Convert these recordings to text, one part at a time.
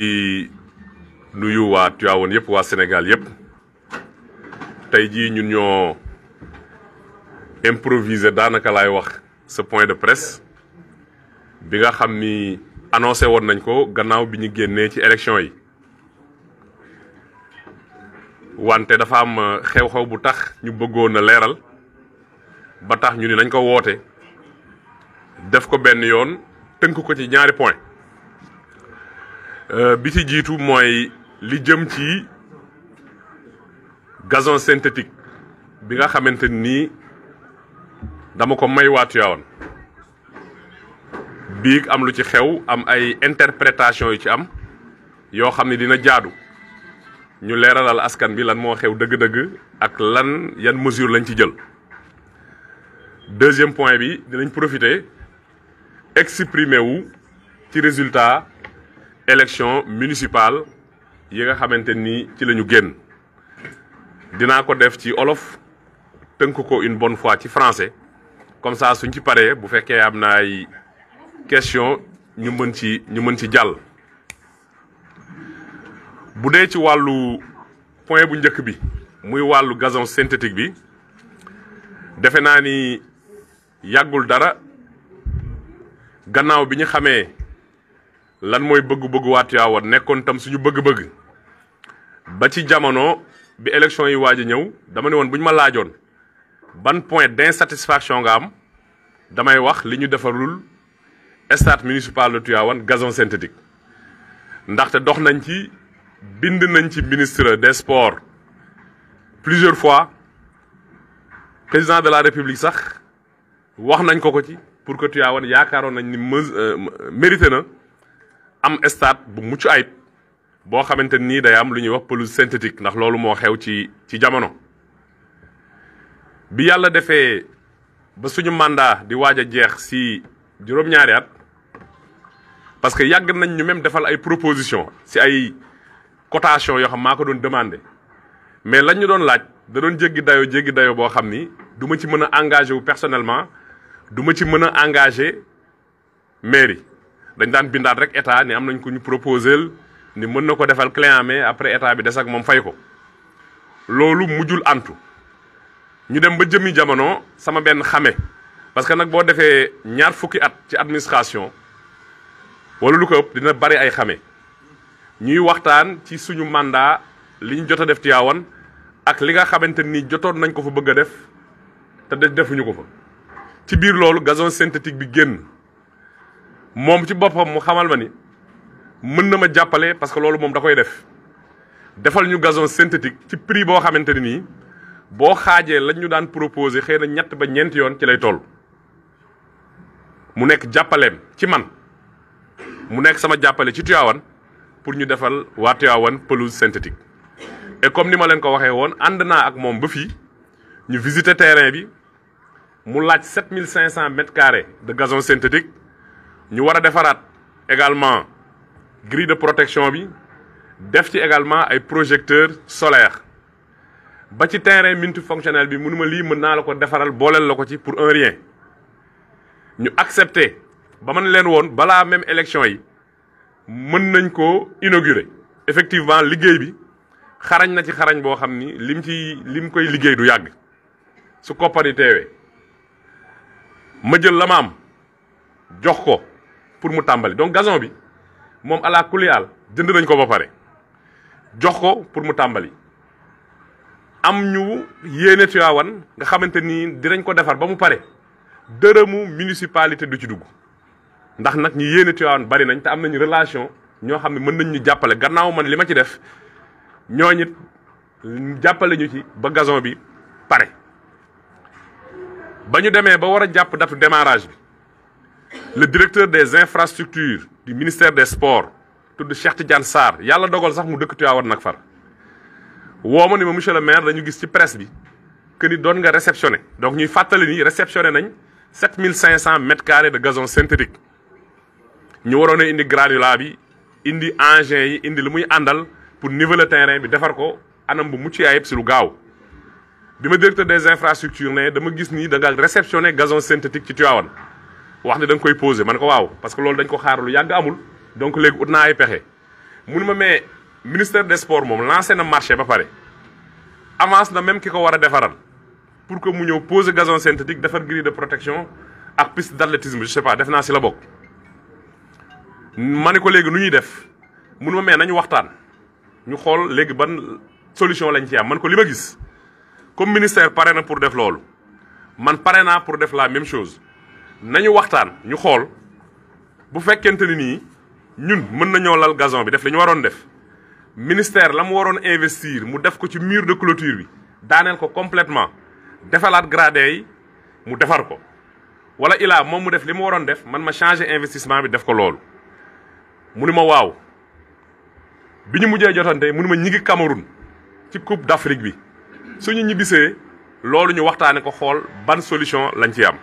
di nuyu waa Tivaouane yëpp waa Sénégal yëpp tey jii ñun ñoo improvisé daanaka laay wax ce point de presse bi nga xam ni annoncé woon nañ ko gannaaw bi ñu génnee ci élection yi wante dafa am xew-xew bu tax ñu bëggoon a leeral ba tax ñu ni nañ ko woote def ko benn yoon tënk ko ci ñaari point Euh, bi ci jiitu mooy li jëm ci gazon synthétique bi nga xamante nii dama ko may waatu yaawoon biig am lu ci xew am ay interprétation yu ci am yoo xam ne dina jaadu ñu leeralal askan bi lan moo xew dëgg-dëgg ak lan yan mesure lañ ci jël deuxième point bi dinañ profiter exprimer wu ci résultat élection municipale yi nga xamante ni ci lañu génn dinaa ko def ci olof tënk ko une bonne fois ci français comme ça suñ ci paree bu fekkee am na ay question ñu mën ci ñu mën ci jàll bu dee ci wàllu point bu njëkk bi muy wàllu gazon synthétique bi defe naa ni yàggul dara gannaaw bi ñu xamee lan mooy bëgg-bëggu waa Tiwaawan nekkoon tam suñu bëgg-bëgg ba ci jamono bi élection yi waaj a ñëw dama ne woon bu ma laajoon ban point d'insatisfaction nga am damay wax li ñu defarul stade municipal de Tivaouane gazon synthétique ndaxte dox nañ ci bind nañ ci ministre des sports plusieurs fois président de la république sax wax nañ ko ko ci pour que Tivaouane yaakaaroon nañ ni euh, mérité na am stade bu mucc ayib boo xamante nii day am lu ñuy wax pelouse synthétique ndax loolu moo xew ci ci jamono. bi yàlla defee ba suñu mandat di waaj a jeex si juróom-ñaari at parce que yàgg nañ ñu même defal ay proposition si ay cotation yoo xam maa ko doon demandé mais lañ ñu doon laaj da doon jéggi dayo jéggi dayo boo xam ni duma ci mën a engagé wu personnellement du ma ci mën a engagé mairie dañ daan bindaat rek état ni am nañ ko ñu proposel ni mën na ko defal client mais après état bi des moom fay ko loolu mujjul antu ñu dem ba jëmmi jamono sama benn xame parce que nag boo defee ñaar fukki at ci administration wala lu ko dina bari ay xame ñuy waxtaan ci suñu mandat li ñu jot def Tiwaawan ak li nga xamante ni jotoon nañ ko fa bëgg a def te defuñu ko fa ci biir loolu gason synthétique bi génn moom ci boppam mu xamal ma ni mën na ma jàppale parce que loolu moom da koy def defal ñu gazon synthétique ci prix boo xamante ne nii boo xaajee lañ ñu daan proposé xëy na ñett ba ñeenti yoon ci lay tool mu nekk jàppaleem ci man mu nekk sama jàppale ci Tivaouane pour ñu defal waa Tivaouane pelouse synthétique et comme ni ma leen ko waxee woon ànd naa ak moom ba fii ñu visiter terrain bi mu laaj 7500 mètres carrés de gazon synthétique. ñu war a defaraat également grille de protection bi def ci également ay projecteurs solaires ba ci terrain multifonctionnel bi mënuma lii mën naa la ko defaral booleel la ko ci pour un rien ñu accepter ba mën leen woon balaa même élection yi mën nañ ko inaugurer effectivement liggéey bi xarañ na ci xarañ boo xam ni lim ci lim koy liggéey du yàgg su koppar teewee ma jël la jox ko pour mu tàmbali donc gazon bi moom ala kulial jënd nañ ko ba pare jox ko pour mu tàmbali am ñu yéene Tivaouane nga xamante ni dinañ ko defar ba mu pare dërëmu municipalité du ci dugg ndax nag ñu yéene Tivaouane bari nañ te am nañu relation ñoo xam ne mën nañ ñu jàppale gannaaw man li ma ci def ñooñit jàppale ñu ci ba gazon bi pare ba ñu demee ba war a jàpp datu démarrage bi le directeur des infrastructures du ministère des sports tudd Cheikh Tidiane Sarr yàlla dogal sax mu dëkk Tivaouane nag far woo ma ni ma monsieur le maire dañu gis ci presse bi que ni doon nga réceptionné donc ñuy fàttali ni réceptionné nañ 7500 mètres carrés de gazon synthétique ñu waroon a indi granulat bi indi engins yi indi lu muy àndal pour niveler terrain bi defar ko anam bu mucc ayib si lu gaaw bi ma directeur des infrastructures ne dama gis ni da nga réceptionné gazon synthétique ci Tivaouane wax ne da koy posé man ko waaw parce que loolu dañ ko xaar lu yàgg amul donc léegi ut naa ay pexe mun ma mais ministère des sports moom lancé na marché ba pare avance na même ki ko war a defaral pour que mu ñëw posé gazon synthétique defar grille de protection ak piste d' athlétisme je sais pas def naa si la bokk. ma ne ko léegi nu ñuy def mun ma mais nañu waxtaan ñu xool léegi ban solution lañ ci am man ko li ma gis comme ministère pare na pour def loolu man pare naa pour def la même chose. nañu waxtaan ñu xool bu fekkente ni nii ñun mën nañoo lal gazon bi def li ñu waroon def ministère la mu waroon investir mu def ko ci mur de clôture bi daaneel ko complètement defalaat gradé yi mu defar ko wala ilaa moom mu def li mu waroon def man ma changé investissement bi def ko loolu mu ni ma waaw bi ñu mujjee jotante mu ni ma ñi ngi Cameroun ci coupe d'Afrique bi suñu ñibbisee loolu ñu waxtaane ko xool ban solution lañ ci am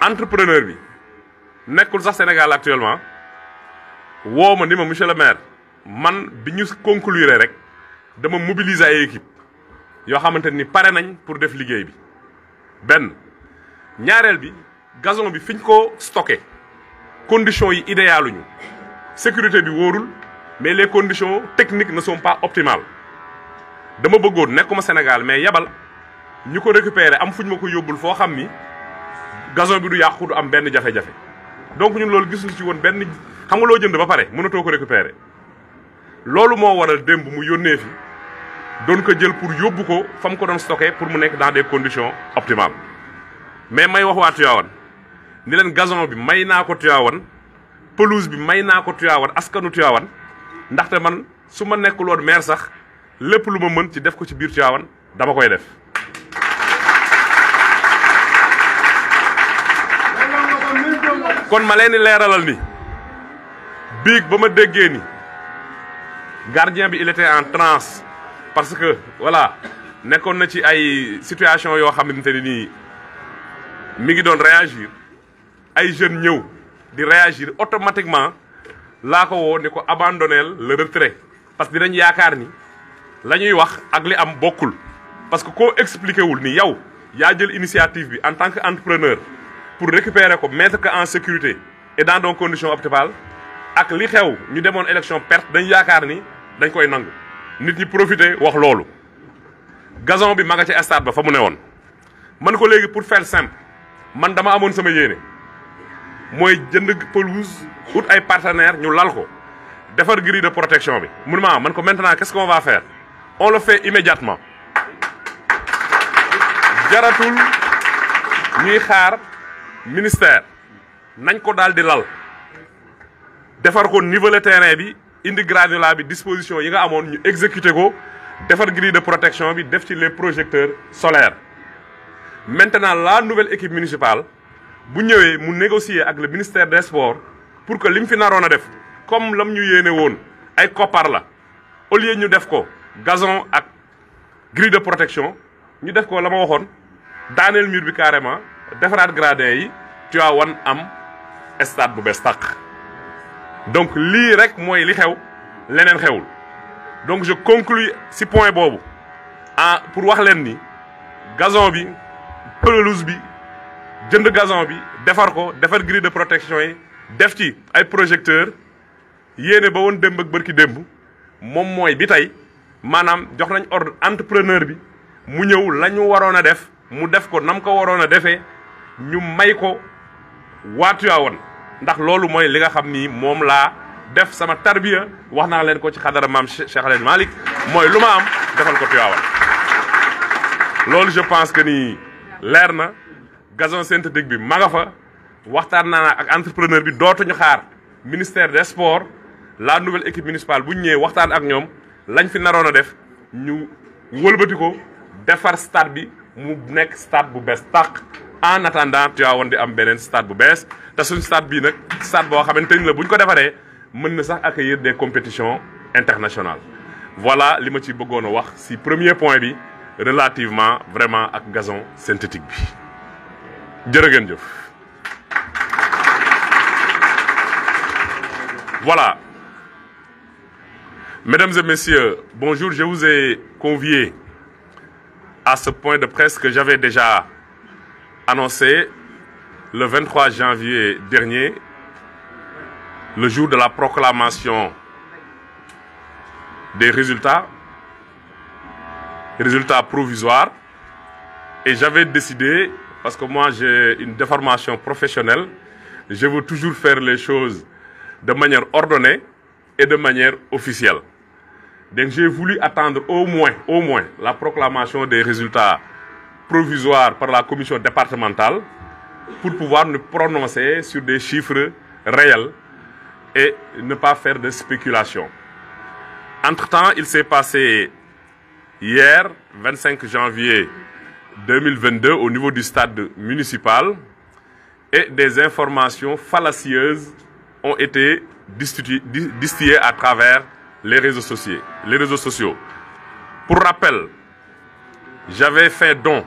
entrepreneur bi nekkul sax Sénégal actuellement woo ma ni ma monsieur le maire man bi ñu conclure rek dama mobiliser ay équipe yoo xamante ni pare nañ pour def liggéey bi benn ñaareel bi gazon bi fiñ ko stocké conditions yi idéaluñu sécurité bi wóorul mais les conditions techniques ne sont pas optimales dama bëggoon nekkuma Sénégal mais yabal ñu ko récupérer am fuñ ma ko yóbbul foo xam mi gazon bi du yàqu du am benn jafe-jafe donc ñun loolu gisuñu ci woon benn xam nga loo jënd ba pare mënatoo ko récupérer loolu moo waral démb mu yónnee fi doon ko jël pour yóbbu ko fa ko doon stocké pour mu nekk dans des conditions optimales mais may wax waa Tivaouane ni leen gazon bi may naa ko Tivaouane pelouse bi may naa ko Tivaouane askanu Tivaouane ndaxte man su ma nekkuloon maire sax lépp lu ma mën ci def ko ci biir Tivaouane dama koy def kon ma leen di leeralal ni biig ba ma déggee ni gardien bi il était en transe parce que voilà nekkoon na ci ay situation yoo xamante ni nii mi ngi doon réagir ay jeunes ñëw di réagir automatiquement laa ko woo ni ko abandonnel le retrait parce que dinañ yaakaar ni la ñuy wax ak li am bokkul parce que ko expliqué wul ni yow yaa jël initiative bi en tant que entrepreneur pour récupérer ko mettre ko en sécurité et dans des conditions optimales ak li xew ñu demoon élection perte dañ yaakaar ni dañ koy nangu nit ñi profité wax loolu gazon bi ma nga ca stade ba fa mu ne woon man ko léegi pour faire simple man dama amoon sama yéene mooy jënd pelouse ut ay partenaires ñu lal ko defar grille de protection bi mun ma man ko maintenant qu'est-ce qu'on va faire on fait immédiatement jaratul ñuy xaar ministère nañ ko daal di lal defar ko niveler terrain bi indi granulat bi disposition yi nga amoon ñu exécuter ko defar grille de protection bi def ci les projecteurs solaires maintenant la nouvelle équipe municipale bu ñëwee mu négocier ak le ministère des sports pour que li mu fi naroon a def comme lam ñu yéene woon ay koppar la au lieu ñu def ko gazon ak grille de protection ñu def ko la ma waxoon daaneel mur bi carrément defaraat gradin yi Tivaouane am stade bu bees tàq donc lii rek mooy li xew leneen xewul donc je conclus si point boobu ah pour wax leen ni gazon bi pelouse bi jënd gazon bi defar ko defar grille de protection yi def ci ay projecteurs yéene ba woon démb ak bërki démb moom mooy bi tey maanaam jox nañ ordre entrepreneur bi mu ñëw la ñu waroon a def mu def ko nam ko waroon a defee ñu may ko waa Tiwaawan ndax loolu mooy li nga xam ni moom laa def sama tarbiya wax naa leen ko ci xadara maam Cheikh Alioune Malick mooy lu ma am defal ko Tiwaawan loolu je pense que ni leer na gazon synthétique bi ma nga fa waxtaan naa ak entrepreneur bi dootuñu xaar ministère des sports la nouvelle équipe municipale bu ñu ñëwee waxtaan ak ñoom lañ fi naroon a def ñu wëlbati ko defar stade bi mu nekk stade bu bees tàq en attendant Tivaouane di am beneen stade bu bees te suñ stade bii nag stade boo xamante ni la bu ñu ko defaree mën na sax accueillir des compétitions internationales. voilà li ma ci bëggoon a wax si premier point bi relativement vraiment ak gazon synthétique bi jërë ngeen jëf. voilà mesdames et messieurs bonjour je vous ai convié à ce point de presse que j'avais déjà. annoncé le 23 janvier dernier, le jour de la proclamation des résultats, résultats provisoires. Et j'avais décidé, parce que moi j'ai une déformation professionnelle, je veux toujours faire les choses de manière ordonnée et de manière officielle. Donc j'ai voulu attendre au moins, au moins, la proclamation des résultats provisoire par la commission départementale pour pouvoir nous prononcer sur des chiffres réels et ne pas faire de spéculation. Entre-temps, il s'est passé hier, 25 janvier 2022, au niveau du stade municipal, et des informations fallacieuses ont été distillées à travers les réseaux sociaux. Les réseaux sociaux. Pour rappel, j'avais fait don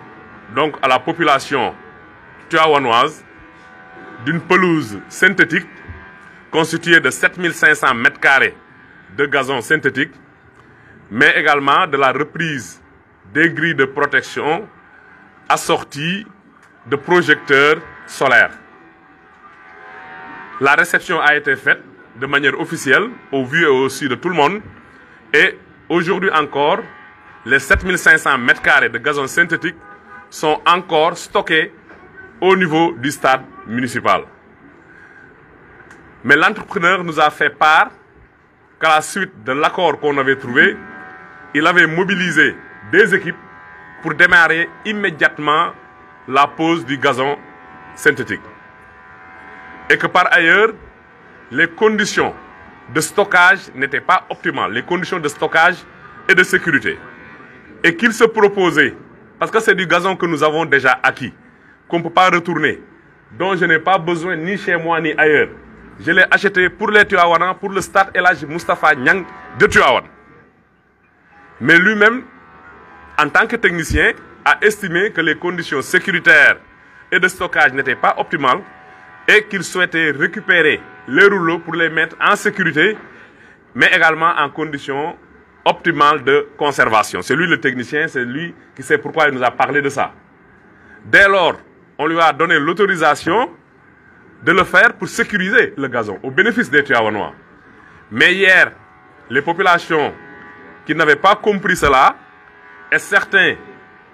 donc à la population tuawanoise d'une pelouse synthétique constituée de 7500 mètres carrés de gazon synthétique, mais également de la reprise des grilles de protection assorties de projecteurs solaires. La réception a été faite de manière officielle au vu et aussi de tout le monde et aujourd'hui encore, les 7500 mètres carrés de gazon synthétique sont encore stockés au niveau du stade municipal. Mais l'entrepreneur nous a fait part qu'à la suite de l'accord qu'on avait trouvé, il avait mobilisé des équipes pour démarrer immédiatement la pose du gazon synthétique. Et que par ailleurs, les conditions de stockage n'étaient pas optimales, les conditions de stockage et de sécurité. Et qu'il se proposait Parce que c'est du gazon que nous avons déjà acquis, qu'on ne peut pas retourner, dont je n'ai pas besoin ni chez moi ni ailleurs. Je l'ai acheté pour les Tuawana, pour le stade Elage Mustafa Nyang de Tuawan. Mais lui-même, en tant que technicien, a estimé que les conditions sécuritaires et de stockage n'étaient pas optimales et qu'il souhaitait récupérer les rouleaux pour les mettre en sécurité, mais également en conditions optimale de conservation. C'est lui le technicien, c'est lui qui sait pourquoi il nous a parlé de ça. Dès lors, on lui a donné l'autorisation de le faire pour sécuriser le gazon, au bénéfice des Tiawanois. Mais hier, les populations qui n'avaient pas compris cela, et certains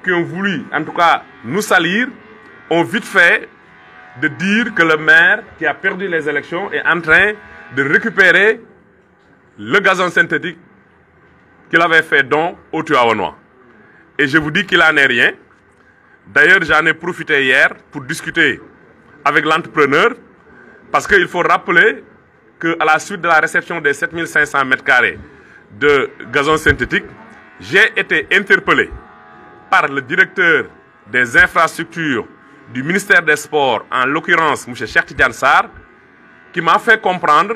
qui ont voulu, en tout cas, nous salir, ont vite fait de dire que le maire qui a perdu les élections est en train de récupérer le gazon synthétique qu'il avait fait don aux Tuaonois. Et je vous dis qu'il n'en est rien. D'ailleurs, j'en ai profité hier pour discuter avec l'entrepreneur parce qu'il faut rappeler à la suite de la réception des 7500 m2 de gazon synthétique, j'ai été interpellé par le directeur des infrastructures du ministère des Sports, en l'occurrence M. Cheikh Diansar, qui m'a fait comprendre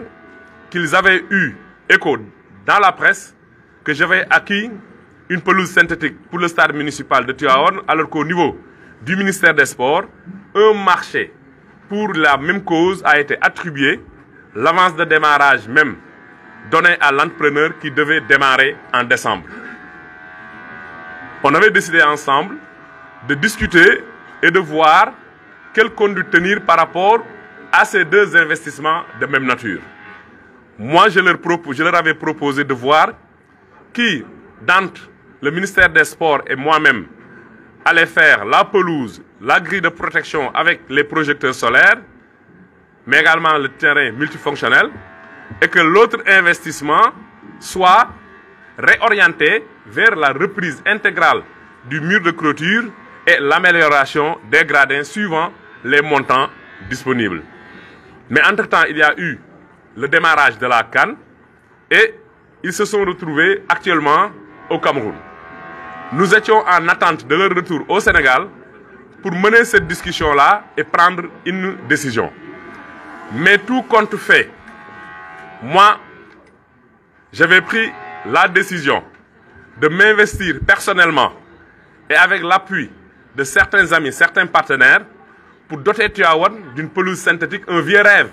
qu'ils avaient eu écho dans la presse que j'avais acquis une pelouse synthétique pour le stade municipal de Tuaon, alors qu'au niveau du ministère des Sports, un marché pour la même cause a été attribué. L'avance de démarrage même donnée à l'entrepreneur qui devait démarrer en décembre. On avait décidé ensemble de discuter et de voir quelle conduite tenir par rapport à ces deux investissements de même nature. Moi, je leur, je leur avais proposé de voir qui, Dante, le ministère des Sports et moi-même, allait faire la pelouse, la grille de protection avec les projecteurs solaires, mais également le terrain multifonctionnel, et que l'autre investissement soit réorienté vers la reprise intégrale du mur de clôture et l'amélioration des gradins suivant les montants disponibles. Mais entre il y a eu le démarrage de la canne et ils se sont retrouvés actuellement au Cameroun. Nous étions en attente de leur retour au Sénégal pour mener cette discussion-là et prendre une décision. Mais tout compte fait, moi, j'avais pris la décision de m'investir personnellement et avec l'appui de certains amis, certains partenaires, pour doter Tuawan d'une pelouse synthétique, un vieux rêve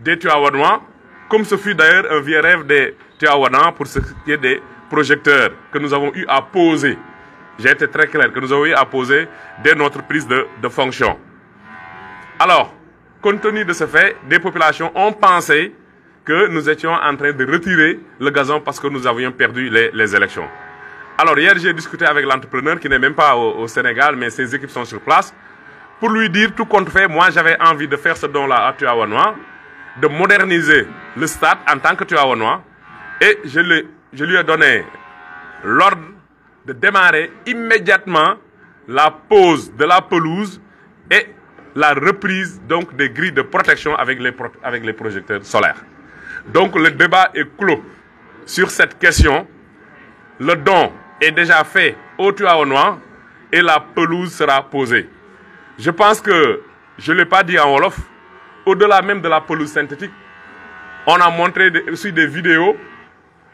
des Tuawanois Comme ce fut d'ailleurs un vieux rêve des Tiawana pour ce qui est des projecteurs que nous avons eu à poser. J'ai été très clair que nous avons eu à poser dès notre prise de, fonction. Alors, compte tenu de ce fait, des populations ont pensé que nous étions en train de retirer le gazon parce que nous avions perdu les, les élections. Alors hier, j'ai discuté avec l'entrepreneur qui n'est même pas au, au, Sénégal, mais ses équipes sont sur place, pour lui dire de moderniser le stade en tant que Tuaonois. Et je, le, je lui ai donné l'ordre de démarrer immédiatement la pose de la pelouse et la reprise donc des grilles de protection avec les, pro avec les projecteurs solaires. Donc le débat est clos sur cette question. Le don est déjà fait au Tuaonois et la pelouse sera posée. Je pense que, je ne l'ai pas dit en Wolof, au-delà même de la pelouse synthétique, on a montré aussi des vidéos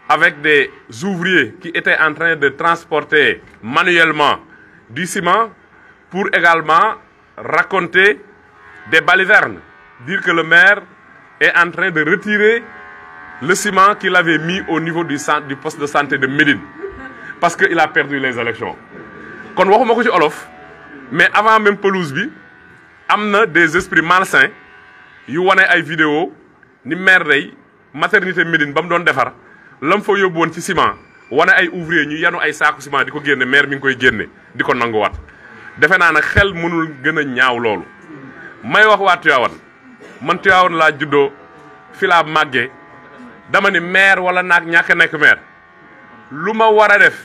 avec des ouvriers qui étaient en train de transporter manuellement du ciment pour également raconter des balivernes, dire que le maire est en train de retirer le ciment qu'il avait mis au niveau du, centre, du poste de santé de Médine parce qu'il a perdu les élections. Kon waxuma ko ci olof mais avant même pelouse bi am na des esprits malsains yu wane ay vidéo ni maire day maternité Médine ba mu doon defar lam fa yóbbu woon ci ciment wane ay ouvrier ñu yanu ay saaku ciment di ko génne maire mi koy génne di ko nangu wat defe naa nag xel mënul gën a ñaaw loolu may wax waa Tivaouane man Tivaouane laa juddoo fi laa màggee dama ni maire wala naag ñàkk nekk maire lu ma war a def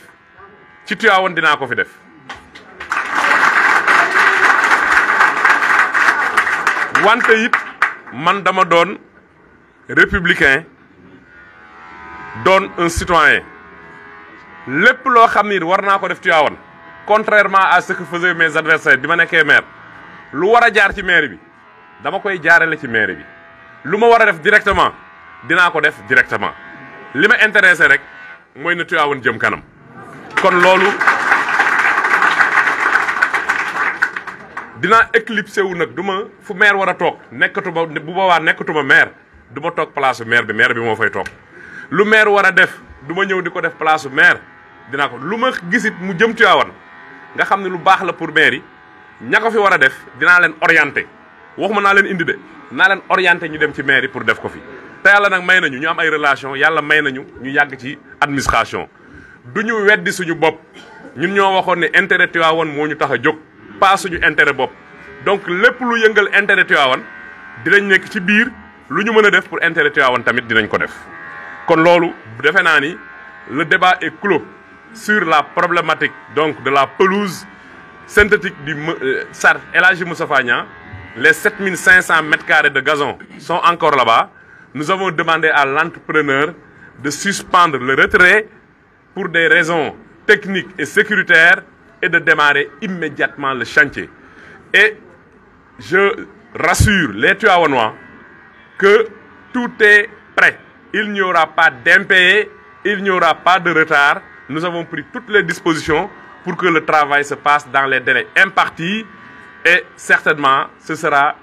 ci Tivaouane dinaa ko fi def wante it man dama doon républicain doon un citoyen lépp loo xam ni war naa ko def Tivaouane contrairement à ce que faisaient mes bi ma nekkee maire lu war a jaar ci maire bi dama koy jaarale ci maire bi lu ma war a def directement dinaa ko def directement li ma intéressé rek mooy na Tivaouane jëm kanam kon loolu dina éclipsé wu nag du ma fu maire war a toog nekkatuma bu boobaa nekkatuma maire du ma toog place maire bi maire bi moo fay toog lu maire war a def duma ñëw di ko def place maire dina ko lu ma gisit mu jëm Tiwaawan nga xam ne lu baax la pour maire yi ña ko fi war a def dinaa leen orienté waxuma naa leen indi de naa leen orienté ñu dem ci maire pour def ko fi te yàlla nag may nañu ñu am ay relation yàlla may nañu ñu yàgg ci administration du ñu weddi suñu bopp ñun ñoo waxoon ne intérêt Tiwaawan moo ñu tax a jóg pas suñu intérêt bopp donc lépp lu yëngal intérêt Tivaouane dinañ nekk ci biir lu ñu mën a def pour intérêt Tivaouane tamit dinañ ko def kon loolu defe naa ni le débat et clos sur la problématique donc de la pelouse synthétique du euh, SAR El Hadji Moustapha Niang les 7500 mètres carrés de gazon sont encore là-bas nous avons demandé à l'entrepreneur de suspendre le retrait pour des raisons techniques et sécuritaires et de démarrer immédiatement le chantier. Et je rassure les Tuaonois que tout est prêt. Il n'y aura pas d'impayé, il n'y aura pas de retard. Nous avons pris toutes les dispositions pour que le travail se passe dans les délais impartis et certainement ce sera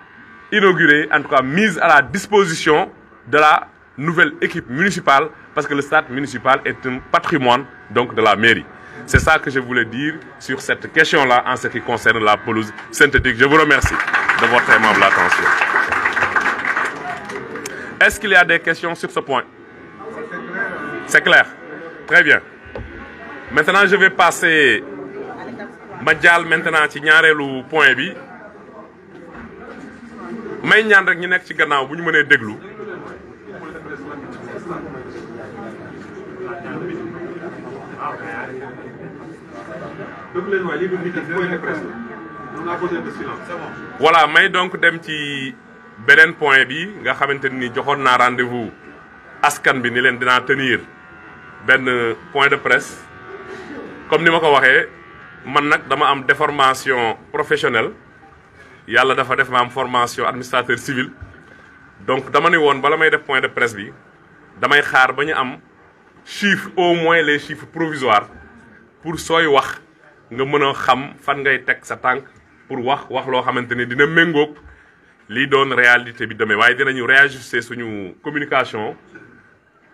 inauguré, en tout cas mise à la disposition de la nouvelle équipe municipale parce que le stade municipal est un patrimoine donc de la mairie. C'est ça que je voulais dire sur cette question-là en ce qui concerne la pelouse synthétique. Je vous remercie de votre aimable attention. Est-ce qu'il y a des questions sur ce point C'est clair. Très bien. Maintenant, je vais passer ma jàll maintenant ci ñaareelu point bi may ñaan rek ñu nekk ci gannaaw bu ñu mënee déglu. voilà may donc dem ci beneen point bi nga xamante ni joxoon naa rendez-vous askan bi ni leen dinaa tenir benn point de presse comme ni ma ko waxee man nag dama am déformation professionnel yàlla dafa def ma am formation administrateur civil donc dama ne woon bala may def point de presse bi damay xaar ba ñu am chiffre au moins les chiffres provisoires pour sooy wax nga mën a xam fan ngay teg sa tànk pour wax wax loo xamante ni dina méngook lii doon réalité bi deme waaye dinañu réajuster suñu communication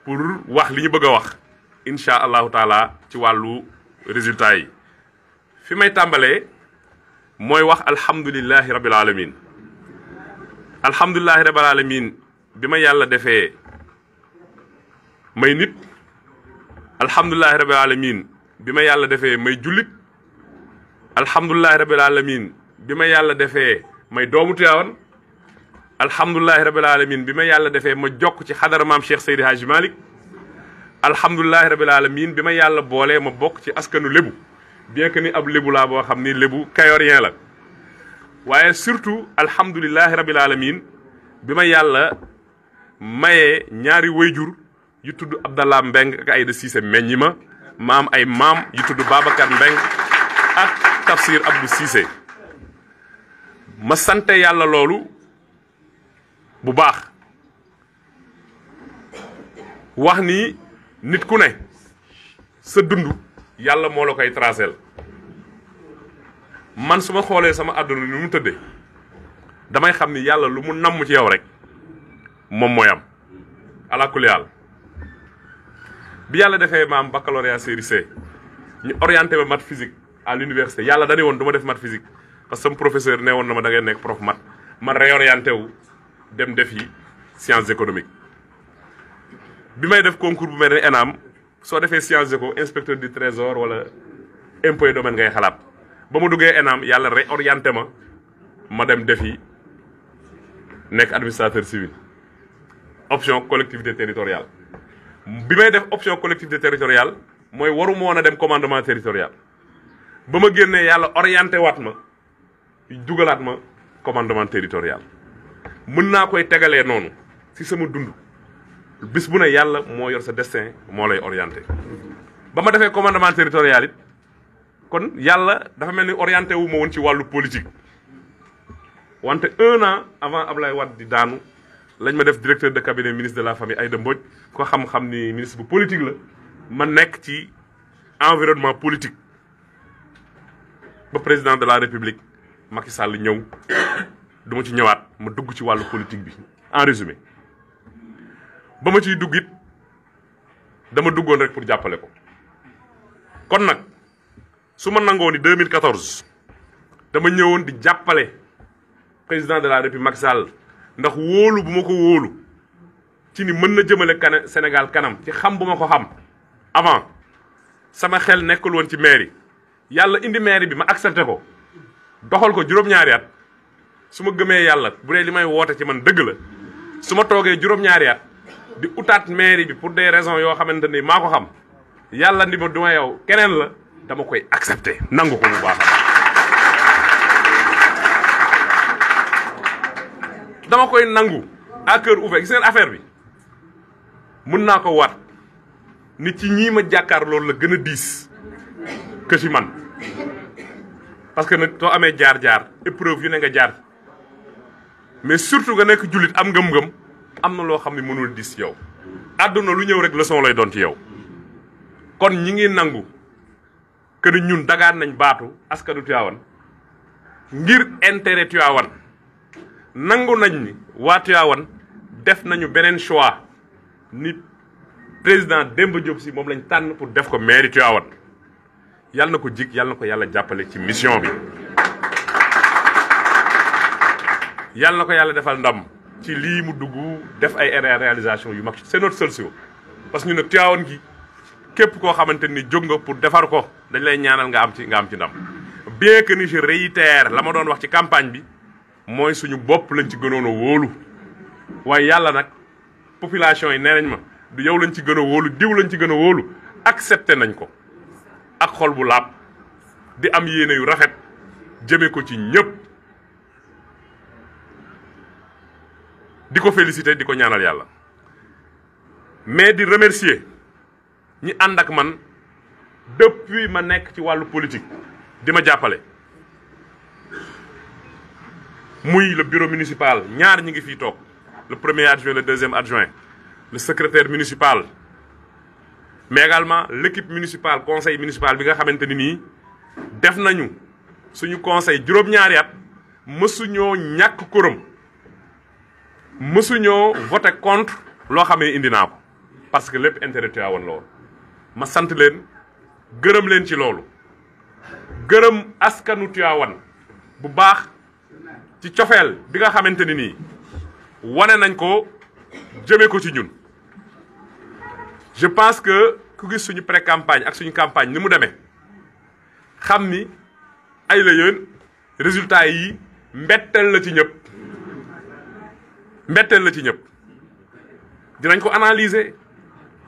pour wax li ñu bëgg a wax incha allahu taala ci wàllu résultat yi fi may tàmbalee mooy wax alhamdulilahi rabil alamin alhamdulilahi rabil alamin bi ma yàlla defee may nit alhamdulilahi rabil alamin bi ma yàlla defee may jullit alhamdulilahi rabil alamin bi ma yàlla defee may doomu Tiwaawan alhamdulilahi rabil alamin bi ma yàlla defee ma jokk ci xadara maam Cheikh Seydi Hadj Malick alhamdulilahi rabil alamin bi ma yàlla boolee ma bokk ci askanu lébu bien que ni ab lébu laa boo xam ni lébu kayorien la waaye surtout alhamdulilahi rabil alamin bi ma yàlla mayee ñaari wayjur yu tudd Abdallah Mbeng ak Ayda Siise meññi ma maam ay maam yu tudd Babacar Mbeng tafsir Abdou Cissé ma sante yàlla loolu bu baax wax ni nit ku ne sa dund yàlla moo la koy tracel man su ma xoolee sama àdduna ni mu tëddee damay xam ni yàlla lu mu namm ci yow rek moom mooy am ala bi yàlla defee maam baccalauréat série C ñu orienté ba math physique à l'université yàlla dani woon du ma def math physique parce que sama professeur ne woon na ma da ngay nekk prof math man réorienté wu dem defi sciences économiques bi may def concours bu mel ne ENAM soo defee sciences éco inspecteur du trésor wala impôt et domaine ngay xalaat ba ma duggee ENAM yàlla réorienté ma ma dem defi nekk administrateur civil option collectivité territoriale bi may def option collectivité territoriale mooy waru ma a dem commandement territorial ba ma génnee yàlla orienté waat ma dugalaat ma commandement territorial mën naa koy tegalee noonu si sama dund bis bu ne yàlla moo yor sa destin moo lay orienté ba ma defee commandement territorial it kon yàlla dafa mel ni orienté wu ma woon ci wàllu politique wante un an avant Ablaye Wade di daanu lañ ma def directeur de cabinet ministre de la famille de Mbodj ko xam-xam ni ministre bu politique la ma nekk ci environnement politique ba président de la république Macky Sall ñëw du ci ñëwaat ma dugg ci wàllu politique bi en résumé ba ma ciy dugg dama duggoon rek pour jàppale ko kon nag su ma nangoo ni 2014 dama ñëwoon di jàppale président de la république Macky Sall ndax wóolu bu ma ko wóolu ci ni mën na jëmale kan Sénégal kanam ci xam bu ma ko xam avant sama xel nekkul woon ci mairie yàlla indi maire bi ma accepté ko doxal ko juróom-ñaari su ma gëmee yàlla bu dee li may woote ci man dëgg la su ma toogee juróom-ñaari at di utaat maire bi pour des raisons yoo xamante ni maa ko xam yàlla ndi ma du ma yow keneen la dama koy accepté nangu ko bu baax dama koy nangu à cœur ouvert gis ngeen affaire bi mun naa ko waat nit ci ñii ma jàkkaar loolu la gën a diis que si man parce que nag too amee jaar-jaar épreuve yu ne nga jaar mais surtout nga nekk jullit am ngëm-ngëm am na loo xam ne mënul dis yow àdduna lu ñëw rek leçon lay doon ci yow kon ñi ngi nangu que ni ñun dagaan nañ baatu askanu Tiwaawan ngir intérêt Tiwaawan nangu nañ ni waa Tiwaawan def nañu beneen choix nit président Demba Diop si moom lañ tànn pour def ko mairie Tiwaawan yàlla na ko jig yàlla na ko yàlla jàppale ci mission bi yàlla ko yàlla defal ndam ci lii mu dugg def ay réalisation yu mag c'est notre seul parce que ñu ne Tivaouane gi képp koo xamante ni jóg nga pour defar ko dañ lay ñaanal nga am ci nga am ci ndam bien que ni je réitère la ma doon wax ci campagne bi mooy suñu bopp lañ ci gënoon a wóolu waaye yàlla nag population yi nee nañ ma du yow lañ ci gën a wóolu diw lañ ci gën a wóolu accepté nañ ko ak xol bu laab di am yéene yu rafet jëme ko ci ñëpp di ko féliciter di ko ñaanal yàlla mais di remercier ñi ànd ak man depuis ma nekk ci wàllu politique di ma jàppale muy le bureau municipal ñaar ñi ngi fiy toog le premier adjoint le deuxième adjoint le secrétaire municipal mais également l'équipe municipale conseil municipal bi nga xamante ni nii def nañu suñu conseil juróom-ñaari at mësuñoo ñàkk korom mësuñoo voté contre loo xam ne indi naa ko parce que lépp intérêt Tivaouane la woon ma sant leen gërëm leen ci loolu gërëm askanu Tivaouane bu baax ci cofeel bi nga xamante ni nii wane nañ ko jëme ko ci ñun je pense que ku gis suñu pré campagne ak suñu campagne ni mu demee xam ni ay la yéen résultat yi mbetteel la ci ñëpp mbetteel la ci ñëpp dinañ ko analyser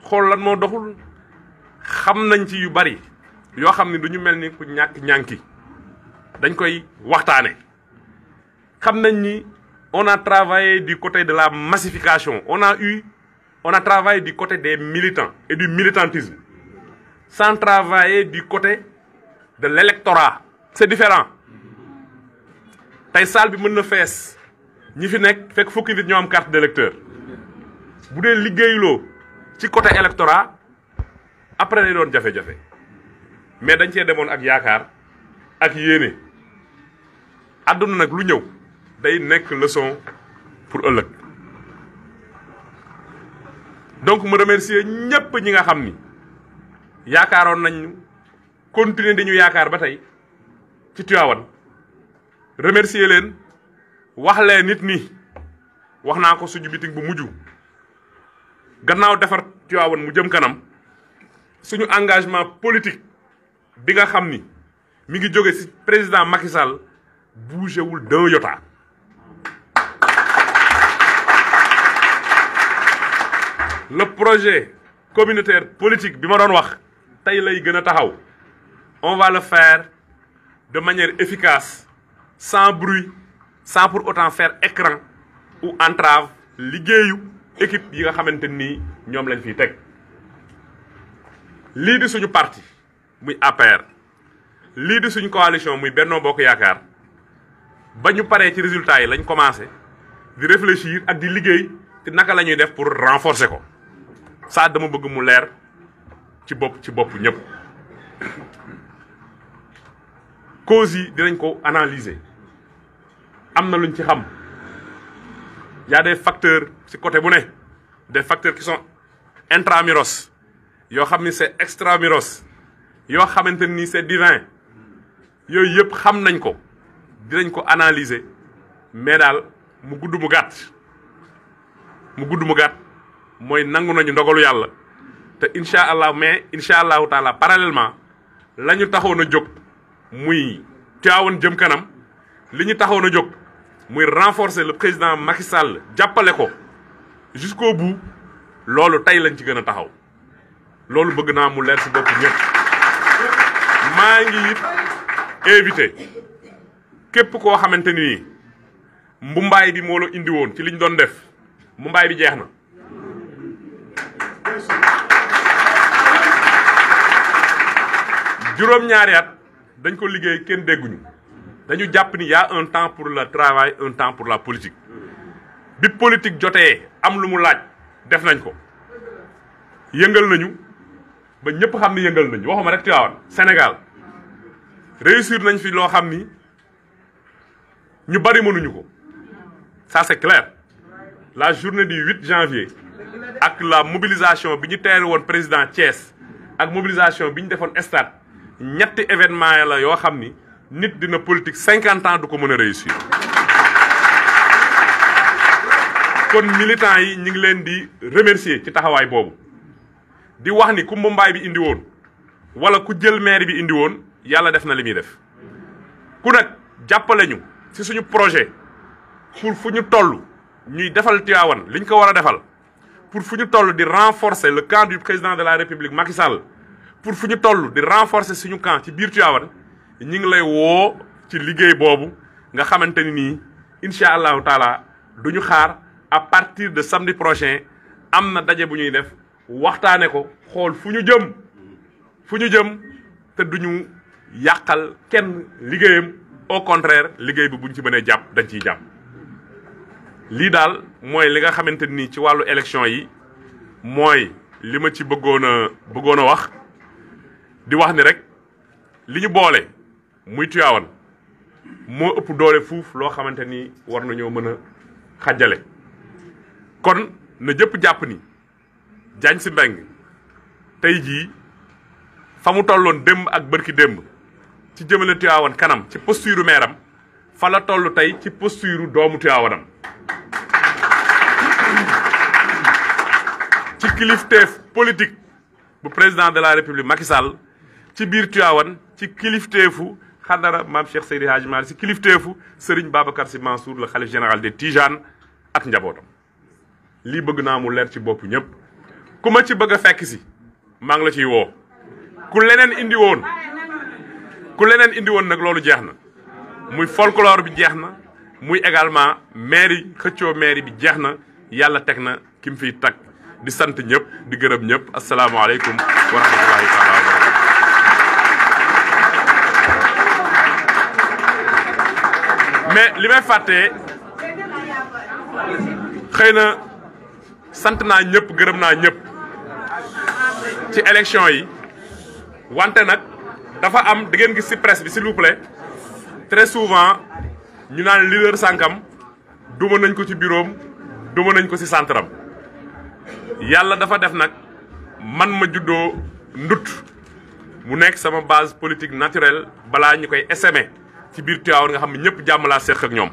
xool lan moo doxul xam nañ ci yu bari yoo xam ni duñu mel ni ku ñàkk ñànki dañ koy waxtaane xam nañ ni on a travaillé du côté de la massification on a on a travaillé du côté des militants et du militantisme, sans travailler du côté de l'électorat. C'est différent. tey salle bi mën na fees ñi fi nekk fekk fukki nit ñoo am carte d'électeur bu dee liggéeyuloo ci côté électorat après lay doon jafe-jafe mais dañ cee demoon ak yaakaar ak yéene àdduna nag lu ñëw day nekk leçon pour ëllëg. donc mu remercier ñépp ñi nga xam ni yaakaaroon nañ continuer dañu yaakaar ba tey ci Tivaouane remercier leen wax nit ni wax naa ko suñu bitim bu mujj gannaaw defar Tivaouane mu jëm kanam suñu engagement politique bi nga xam ni mi ngi jóge ci président Macky Sall bougéwul d'un le projet communautaire politique bi ma doon wax tey lay gën a taxaw on va le faire de manière efficace sans bruit sans pour autant faire écran ou entrave liggéeyu équipe yi nga xamante nii ñoom lañ fi teg lii di suñu parti muy APR lii di suñu coalition muy Benno Bokk Yaakaar ba ñu paree ci résultat yi lañ commencé di réfléchir ak di liggéey te naka la ñuy def pour renforcer ko saa dama bëgg mu leer ci bopp ci bopp ñëpp causes yi dinañ ko analyser am na luñ ci xam y a des facteurs ci côté bu ne des facteurs qui sont intramuros yoo xam ni c'est extramuros yoo xamante ni c'est divin yooyu yëpp xam nañ ko dinañ ko analyser mais daal mu gudd mu gàtt mu gudd mu gàtt mooy nangu nañu ndogalu yàlla te incha allah mais incha allahu taala parallèlement la ñu taxoon a jóg muy Tivaouane jëm kanam li ñu taxoon a jóg muy renforcer le président Macky Sall jàppale ko jusqu'au bu loolu tey lañ ci gën a taxaw loolu bëgg naa mu leer si bopp ñëpp maa ngi it invité képp koo xamante ni mbumbaay bi moo la indi woon ci li ñu doon def mbumbaay bi jeex na. juróom-ñaari at dañ ko liggéey kenn dégguñu dañu jàpp ni y a un temps pour le travail un temps pour la politique bi politique jotee am lu mu laaj def nañ ko yëngal nañu ba ñëpp xam ni yëngal nañu waxuma rek Tivaouane Sénégal réussir nañ fi loo xam ni ñu bari mënuñu ko ça c'est clair la journée du 8 janvier ak la mobilisation bi ñu teeru woon président Thiès ak mobilisation bi ñu defoon stade ñetti événement ya la yoo xam ni nit dina politique cinquante ans du ko mën a réussir kon militants yi ñu ngi leen di remercier ci taxawaay boobu di wax ni ku mbumbaay bi indi woon wala ku jël maire bi indi woon yàlla def na li muy def ku nag jàppale ñu ci suñu projet pour fu ñu toll ñuy defal Tivaouane liñ ko war a defal pour fu ñu toll di renforcé le camp du président de la république Macky pour fu ñu toll di renforcer suñu camp ci biir Tivaouane ñi ngi lay woo ci liggéey boobu nga xamante nii incha allahu taala duñu xaar à partir de samedi prochain am na daje bu ñuy def waxtaane ko xool fu ñu jëm fu ñu jëm te duñu yàqal kenn liggéeyam au contraire liggéey bi buñ ci mënee jàpp dañ ciy jàpp lii daal mooy li nga xamante ni ci wàllu élection yi mooy li ma ci bëggoon a bëggoon a wax di wax ni rek li ñu boole muy tuyaawan moo ëpp doole fuuf loo xamante ni war nañoo mën a xàjjale kon na jëpp jàpp ni Diagne si Mbengue tey jii fa mu tolloon démb ak bërki démb ci jëmale tuyaawan kanam ci posture meeram fa la toll tey ci posture doomu Tiwaawanam ci kilifteef politique bu président de la république makisal ci biir Tiwaawan ci kilifteefu xadara maam Cheikh Seydi Hadji Malick si kilifteefu Serigne Babacar Sy Mansour le khalife général des Tijanes ak njabootam lii bëgg naa mu leer ci bopp ñëpp ku ma ci bëgg a fekk si maa ngi la ciy woo ku leneen indi woon ku leneen indi woon nag loolu jeex na muy folklore bi jeex na muy également mairie xëccoo mairie bi jeex na yàlla teg na kim mu fiy tag di sant ñëpp di gërëm ñëpp asalaamaaleykum wa rahmatullahi taala mais li may fàttee xëy na sant naa ñëpp gërëm naa ñëpp ci élection yi wante nag dafa am da ngeen gis ci presse bi s'il vous très souvent ñu naan leader sànkam duma nañ ko ci bureau am duma nañ ko ci centre yàlla dafa def nag man ma juddoo ndut mu nekk sama base politique naturelle balaa ñu koy SME ci biir Tivaouane nga xam ne ñëpp jàmm laa ak ñoom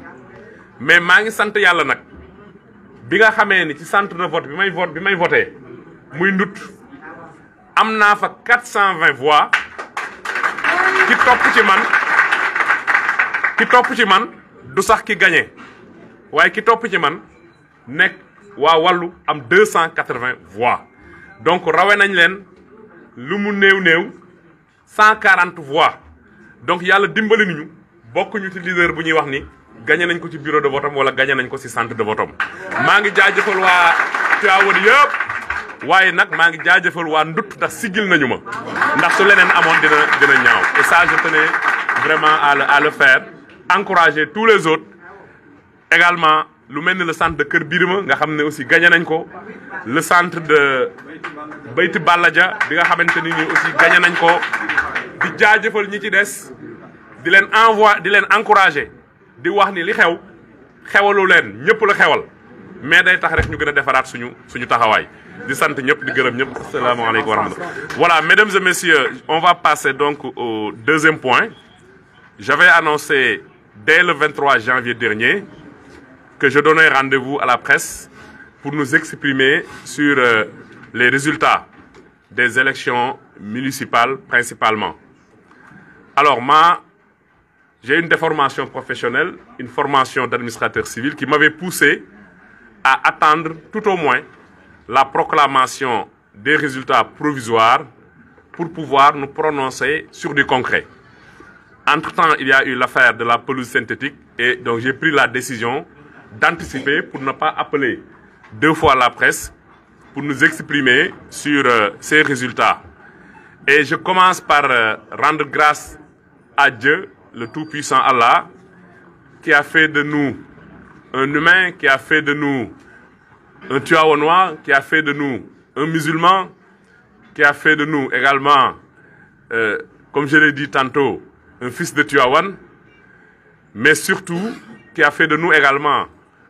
mais maa ngi sant yàlla nag bi nga xamee ni ci centre de vote bi may vote bi may voté muy ndut am naa fa 420 voix ki topp ci man. ki topp ci man du sax ki gañe waaye ki topp ci man nekk waa wàllu am deux cent quatre-vingts voix donc rawe nañ leen lu mu néew néew cent quarante voix donc yàlla dimbali nuñu bokkuñu ci leader bu ñuy wax ni gagné nañ ko ci bureau de vote wala gañe nañ ko ci centre de vote maa ngi jaajëfal waa Tivaouane yëpp waaye nag maa ngi jaajëfal waa ndut ndax sigil nañu ma ndax su leneen amoon dina dina ñaaw et ça vraiment à le à le encourager tous les autres également lu mel ni le centre de Kër Birima nga xam ne aussi gagné nañ ko le centre de balla ja bi nga xamante ni nii aussi gagné nañ ko di jaajëfal ñi ci des di leen envoyé di leen encouragé di wax ni li xew xewalu leen ñëpp la xewal mais day tax rek ñu gën a defaraat suñu suñu taxawaay di sant ñëpp di gërëm ñëpp asalaamaaleykum wa rahmatulah voilà mesdames et messieurs on va passer donc au deuxième point j'avais annoncé dès le 23 janvier dernier que je donnais rendez-vous à la presse pour nous exprimer sur euh, les résultats des élections municipales principalement. Alors moi, j'ai une déformation professionnelle, une formation d'administrateur civil qui m'avait poussé à attendre tout au moins la proclamation des résultats provisoires pour pouvoir nous prononcer sur du concret. Entre-temps, il y a eu l'affaire de la pelouse synthétique et donc j'ai pris la décision d'anticiper pour ne pas appeler deux fois la presse pour nous exprimer sur euh, ces résultats. Et je commence par euh, rendre grâce à Dieu, le Tout-Puissant Allah, qui a fait de nous un humain, qui a fait de nous un Tuaonois, qui de nous un musulman, qui a fait de nous également, euh, comme je l'ai dit tantôt, un fils de Tuawan, mais surtout qui a fait de nous également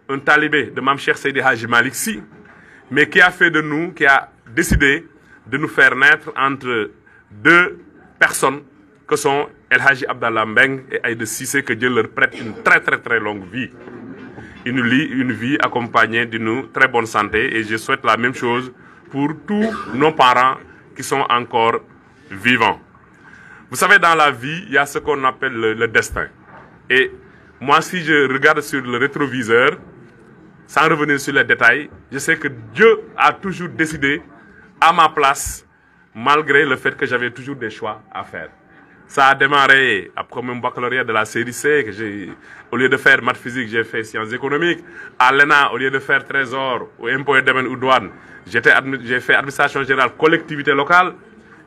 un talibé de Mam Cheikh Seydi Haji Malik mais qui a fait de nous, qui a décidé de nous faire naître entre deux personnes que sont El Haji Abdallah Mbeng et Aïda Sissé, que Dieu leur prête une très très très longue vie. Ils nous lient une vie accompagnée d'une très bonne santé et je souhaite la même chose pour tous nos parents qui sont encore vivants. Vous savez, dans la vie, il y ce qu'on appelle le, le, destin. Et moi, si je regarde sur le rétroviseur, sans revenir sur les détails, je sais que Dieu a toujours décidé à ma place, malgré le fait que j'avais toujours des choix à faire. Ça a démarré après mon baccalauréat de la série C, que j'ai, au lieu de faire maths physique, j'ai fait sciences économiques. À l'ENA, au lieu de faire trésor, ou impôt et domaine ou douane, j'ai fait administration générale, collectivité locale.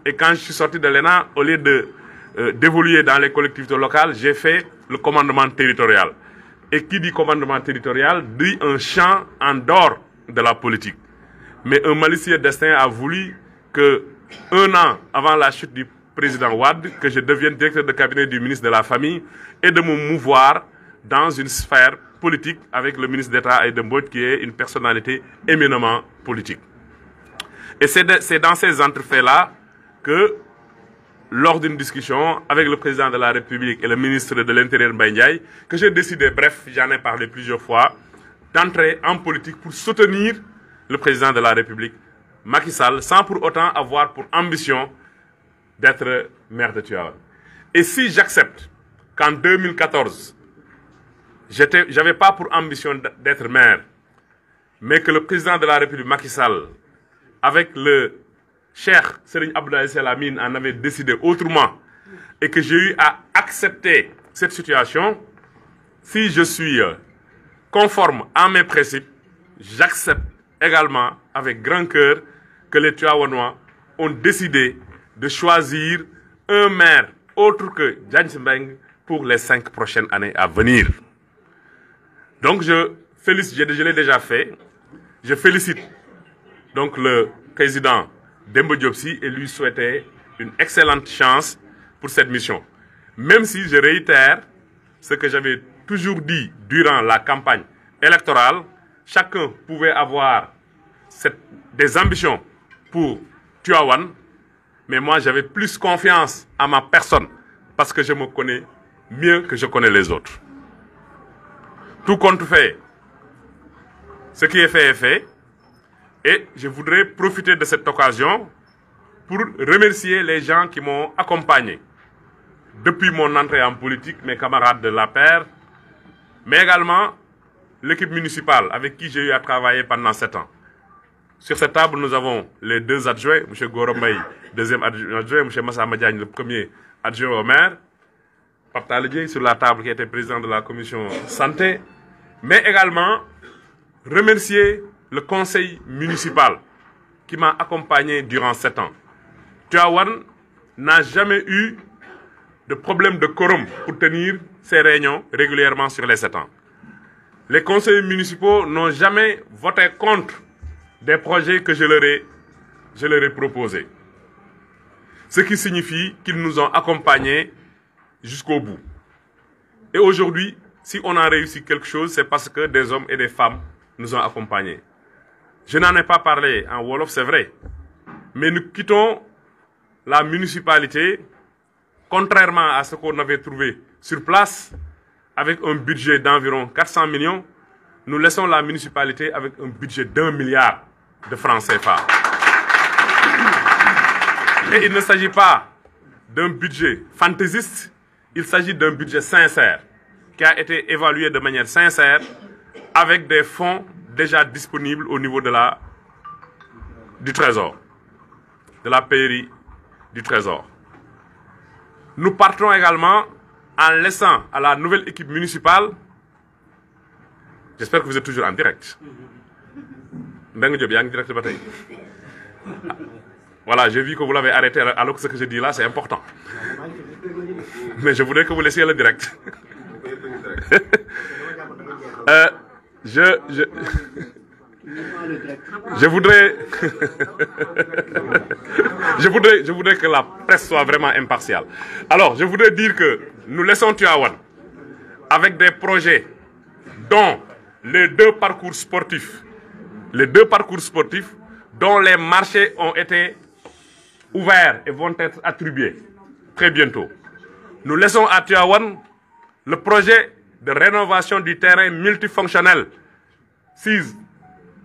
Et quand je suis sorti de l'ENA, au lieu de euh, d'évoluer dans les collectivités locales, j'ai fait le commandement territorial. Et qui dit commandement territorial dit un champ en dehors de la politique. Mais un malicieux destin a voulu que, un an avant la chute du président Ouad, que je devienne directeur de cabinet du ministre de la Famille et de me mouvoir dans une sphère politique avec le ministre d'État Aydembout qui est une personnalité éminemment politique. Et c'est dans ces entrefaits-là que lors d'une discussion avec le président de la République et le ministre de l'Intérieur Ndiaye, que j'ai décidé, bref, j'en ai parlé plusieurs fois, d'entrer en politique pour soutenir le président de la République, Macky Sall, sans pour autant avoir pour ambition d'être maire de Tuaon. Et si j'accepte qu'en 2014, je n'avais pas pour ambition d'être maire, mais que le président de la République, Macky Sall, avec le Cheikh Serigne Abdoulaye Selamine en avait décidé autrement et que j'ai eu à accepter cette situation, si je suis euh, conforme à mes principes, j'accepte également avec grand cœur que les Tuawanois ont décidé de choisir un maire autre que James Mbeng pour les cinq prochaines années à venir. Donc je félicite, je l'ai déjà fait, je félicite donc le président Demba Diopsi et lui souhaiter une excellente chance pour cette mission. Même si je réitère ce que j'avais toujours dit durant la campagne électorale, chacun pouvait avoir cette, des ambitions pour Tuawan, mais moi j'avais plus confiance à ma personne parce que je me connais mieux que je connais les autres. Tout compte fait, ce qui est fait est fait. Et je voudrais profiter de cette occasion pour remercier les gens qui m'ont accompagné depuis mon entrée en politique, mes camarades de la paire, mais également l'équipe municipale avec qui j'ai eu à travailler pendant sept ans. Sur cette table, nous avons les deux adjoints, M. Goromay, deuxième adjoint, M. Massama Diagne, le premier adjoint au maire, Paptaledje sur la table qui était président de la commission santé, mais également remercier le conseil municipal qui m'a accompagné durant sept ans. Tuawan n'a jamais eu de problème de quorum pour tenir ses réunions régulièrement sur les sept ans. Les conseillers municipaux n'ont jamais voté contre des projets que je leur ai, je leur ai proposés. Ce qui signifie qu'ils nous ont accompagnés jusqu'au bout. Et aujourd'hui, si on a réussi quelque chose, c'est parce que des hommes et des femmes nous ont accompagnés. Je n'en ai pas parlé en Wolof, c'est vrai. Mais nous quittons la municipalité, contrairement à ce qu'on avait trouvé sur place, avec un budget d'environ 400 millions, nous laissons la municipalité avec un budget d'un milliard de francs CFA. Et il ne s'agit pas d'un budget fantaisiste, il s'agit d'un budget sincère, qui a été évalué de manière sincère, avec des fonds déjà disponible au niveau de la du la pairie du trésor nous partons également en laissant à la nouvelle équipe municipale j'espère que vous êtes toujours en direct Mbengue Diop yaa ngi direct ba tey voilà j'ai vu que vous l'avez arrêté alors que ce que je dis là c'est important mais je voudrais que vous laissiez le direct euh, je, je, je voudrais, je voudrais, que la presse soit vraiment impartiale. Alors, je voudrais dire que nous laissons Tuawan avec des projets dont les deux parcours sportifs, les deux parcours sportifs dont les marchés ont été ouverts et vont être attribués très bientôt. Nous laissons à Tuawan le projet de rénovation du terrain multifonctionnel 6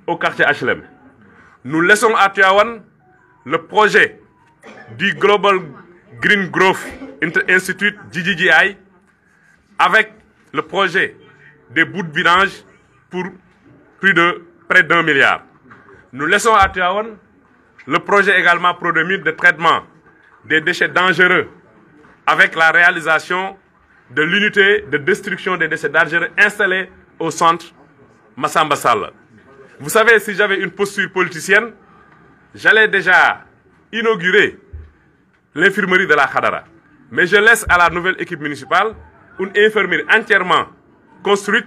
au quartier HLM. Nous laissons à Tiawan le projet du Global Green Growth Institute GGGI avec le projet des bouts de vidange pour plus de près d'un milliard. Nous laissons à Tiawan le projet également Prodemir de traitement des déchets dangereux avec la réalisation de l'unité de destruction des déchets dangereux installée au centre Massamba Sall. Vous savez, si j'avais une posture politicienne, j'allais déjà inaugurer l'infirmerie de la Khadara. Mais je laisse à la nouvelle équipe municipale une infirmerie entièrement construite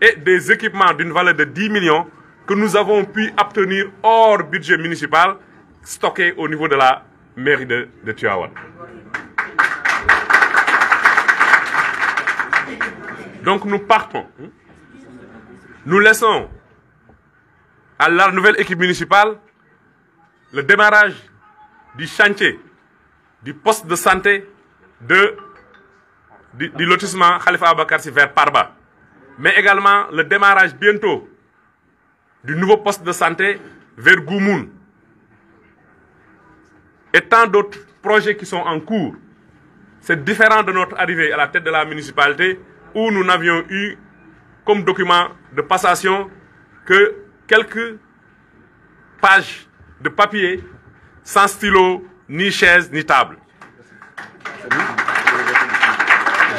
et des équipements d'une valeur de 10 millions que nous avons pu obtenir hors budget municipal stocké au niveau de la mairie de, de Tuawan. Donc nous partons. Nous laissons à la nouvelle équipe municipale le démarrage du chantier du poste de santé de, du, du lotissement Khalifa Abakarsi vers Parba. Mais également le démarrage bientôt du nouveau poste de santé vers Goumoun. Et tant d'autres projets qui sont en cours. C'est différent de notre arrivée à la tête de la municipalité où nous n'avions eu comme document de passation que quelques pages de papier sans stylo, ni chaise, ni table.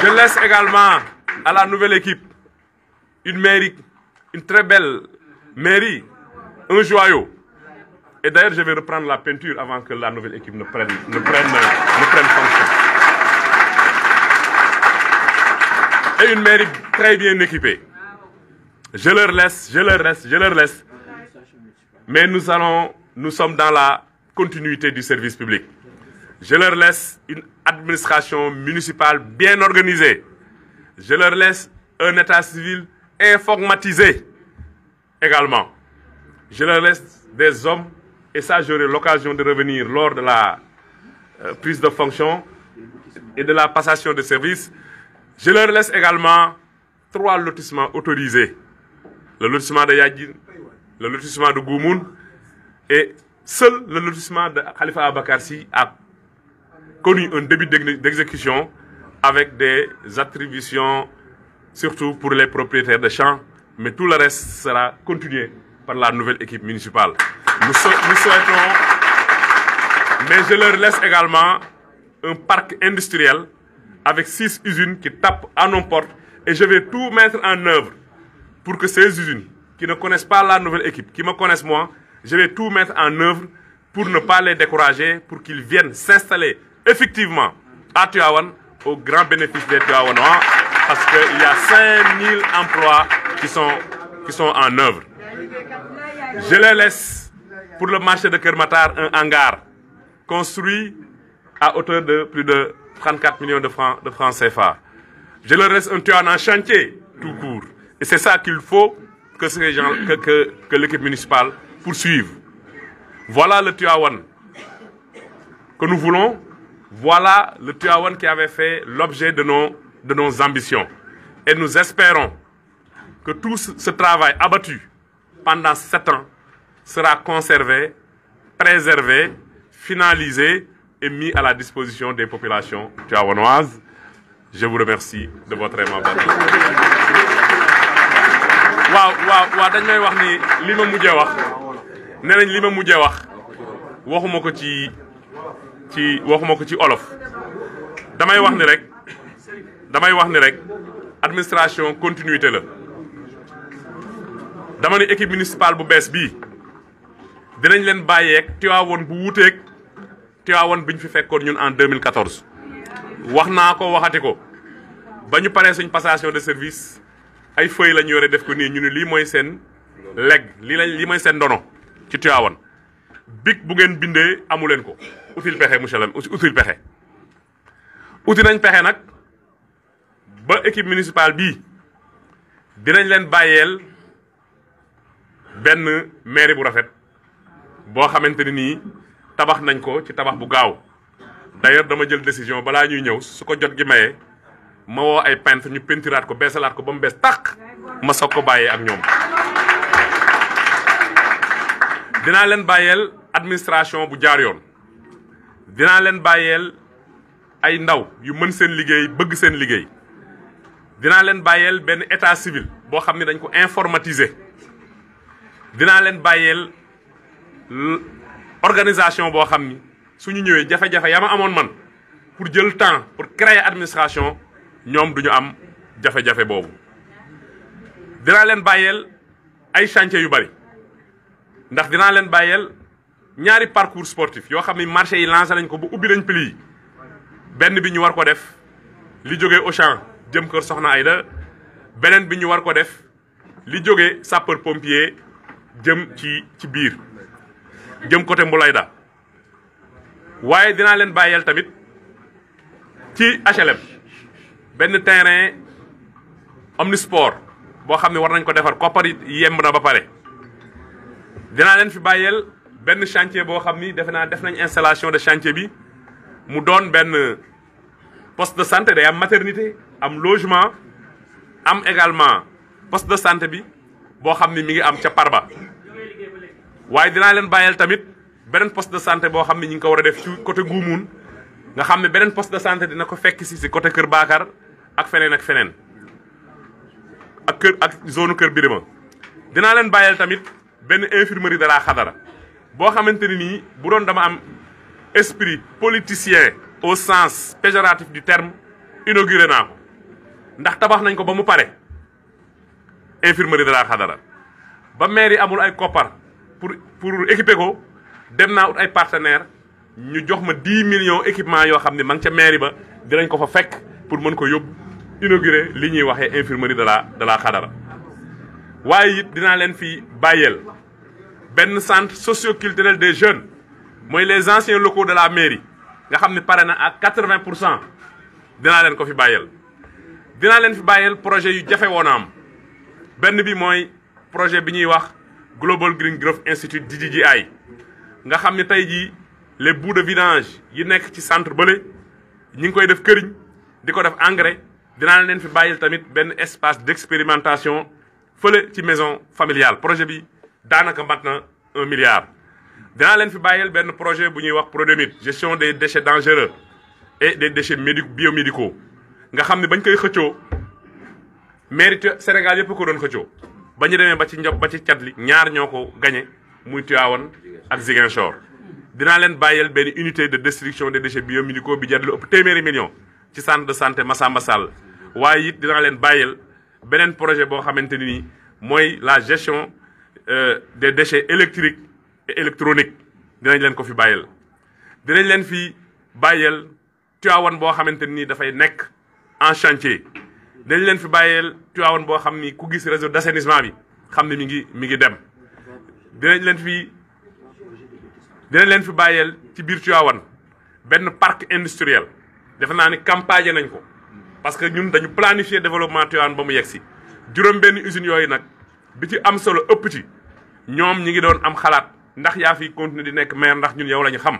Je laisse également à la nouvelle équipe une mairie, une très belle mairie, un joyau. Et d'ailleurs, je vais reprendre la peinture avant que la nouvelle équipe ne prenne, ne prenne, ne prenne et une mairie très bien équipée. Je leur laisse, je leur laisse, je leur laisse. Mais nous allons, nous sommes dans la continuité du service public. Je leur laisse une administration municipale bien organisée. Je leur laisse un état civil informatisé également. Je leur laisse des hommes, et ça j'aurai l'occasion de revenir lors de la euh, prise de fonction et de la passation de service. Je leur laisse également trois lotissements autorisés. Le lotissement de Yadjin, le lotissement de Goumoun et seul le lotissement de Khalifa Abakarsi a connu un début d'exécution avec des attributions surtout pour les propriétaires de champs, mais tout le reste sera continué par la nouvelle équipe municipale. Nous, sou nous souhaitons, mais je leur laisse également un parc industriel avec six usines qui tapent à nos portes et je vais tout mettre en œuvre pour que ces usines qui ne connaissent pas la nouvelle équipe, qui me connaissent moi, je vais tout mettre en œuvre pour ne pas les décourager, pour qu'ils viennent s'installer effectivement à Tuawan au grand bénéfice des Tuawanois parce qu'il y a 5000 emplois qui sont, en œuvre. Je les laisse pour le marché de Kermatar un hangar construit à hauteur de plus de 34 millions de francs, de francs CFA. Je leur reste un ça qu'il faut que, ces municipale poursuive. Voilà le Tuawan que le Tuawan qui avait l'objet de nos, de nos Et nous espérons que tout ce travail abattu pendant sept ans sera conservé, préservé, est mis à la disposition des populations tuawanoises. Je vous remercie de votre waaw waaw waaw dañ may wax ni li ma mujjee wax nee nañ li ma mujjee wax waxuma ko ci ci waxuma ko ci olof damay wax ni rek damay wax ni rek administration continuité la dama ne équipe municipale bu bees bii dinañ leen bàyyeeg Tiwaawoon bu wuuteeg Tiwaawan bi ñu fi fekkoon ñun en 2014 wax naa ko waxati ko ba ñu paree suñ passation de service ay feuilles la ñu yore def ko nii ñu ne lii mooy seen leg lii lañ lii mooy seen ndono ci Tiwaawan bic bu ngeen bindee amu leen ko util pexe monsieur le util pexe uti nañ pexe nag ba équipe municipale bii dinañ leen bàyyeel benn mairie bu rafet boo xamante ni nii tabax nañ ko ci tabax bu gaaw d'ailleurs dama jël décision balaa ñuy ñëw su ko jot gi maye ma woo ay pent ñu peinturaat ko beesalaat ko ba mu bees tàq ma soog ko bàyyee ak ñoom dinaa leen bàyyeel administration bu jaar yoon dinaa leen bàyyeel ay ndaw yu mën seen liggéey bëgg seen liggéey dinaa leen bàyyeel benn état civil boo xam ne dañ ko informatiser dinaa leen bàyyeel organisation boo xam ni su ñu ñëwee jafe-jafe ya ma amoon man pour jël temps pour créer administration ñoom du ñu am jafe-jafe boobu dinaa leen bàyyeel ay chantier yu bari ndax dinaa leen bàyyeel ñaari parcours sportif yoo xam ni marché yi lancé nañ ko bu ubbi nañ pli benn bi ñu war ko def li jógee Auchan jëm kër Soxna Aida beneen bi ñu war ko def li jóge sapeur pompier jëm ci ci biir jëm côté Mbulayda waaye dinaa leen bàyyeel tamit ci HLM benn terrain omnisport boo xam ne war nañ ko defar koppar yemb na ba pare. dinaa leen fi bàyyeel benn chantier boo xam ni defe naa def nañ installation de chantier bi mu doon benn poste de santé day am maternité am logement am également poste de santé bi boo xam ni mi ngi am ca Parba. waaye dinaa leen bàyyeel tamit beneen poste de santé boo xam ne ñi ngi ko war a def ci côté nga xam ne beneen poste de santé dina ko fekk si si côté Kër Baakar ak feneen ak feneen ak kër ak zone Kër Birima dinaa leen bàyyeel tamit benn infirmerie de la Xadara boo xamante ni nii bu doon dama am esprit politicien au sens péjoratif du terme inauguré naa ko ndax tabax nañ ko ba mu pare infirmeri de la Xadara ba mairie amul ay koppar pour pour équiper ko dem naa ut ay partenaires ñu jox ma 10 millions équipement yoo xam ne ma ngi ca mairie ba dinañ ko fa fekk pour mën ko yóbbu inaugurer li ñuy waxee infirmeri de la de la Xadara waaye it dinaa leen fi bàyyeel benn centre socioculturel des jeunes mooy les anciens locaux de la mairie nga xam ne pare na à 80 pour cent dinaa leen ko fi bàyyeel. dinaa leen fi bàyyeel projet yu jafe woon am benn bi mooy projet bi ñuy wax. Global Green Growth Institute ay nga xam ne tey jii les bouts de vidange yi nekk ci centre bële ñi ngi koy def këriñ di ko def engrais dinaa leen fi bàyyil tamit benn espace d'expérimentation fële ci maison familiale projet bi daanaka mat na un milliard. dinaa leen fi bàyyil benn projet bu ñuy wax Prodemit gestion des déchets dangereux et des déchets médi biomédicaux nga xam ni bañ koy xëccoo mairie Sénégal yëpp ko doon xëccoo. ba ñu demee ba ci njob ba ci cat li ñaar ñoo ko gañe muy Tivaouane ak Ziguinchor dinaa leen bàyyeel benn unité de de des déchets biomédicaux bi jar lu ëpp téeméeri million ci centre de santé Massamba Sall waaye it dinaa leen bàyyeel beneen projet boo xamante nii mooy la gestion euh, des déchets électrique et électroniques dinañ leen ko fi bàyyeel dinañ leen fi bàyyeel Tivaouane boo xamante nii dafay nekk en chantier dañ leen fi bàyyeel Tivaouane boo xam ni ku gis réseau d'assainissement bi xam ne mi ngi mi ngi dem dinañ leen fi dinañ leen fi bàyyeel ci biir Tivaouane benn parc industriel defe naa ni campagne nañ ko parce que ñun dañu planifier développement Tivaouane ba mu yegg si juróom benn usines yooyu nag bi ci am solo ëpp ci ñoom ñi ngi doon am xalaat ndax yaa fi continuer di nekk maire ndax ñun yow la ñu xam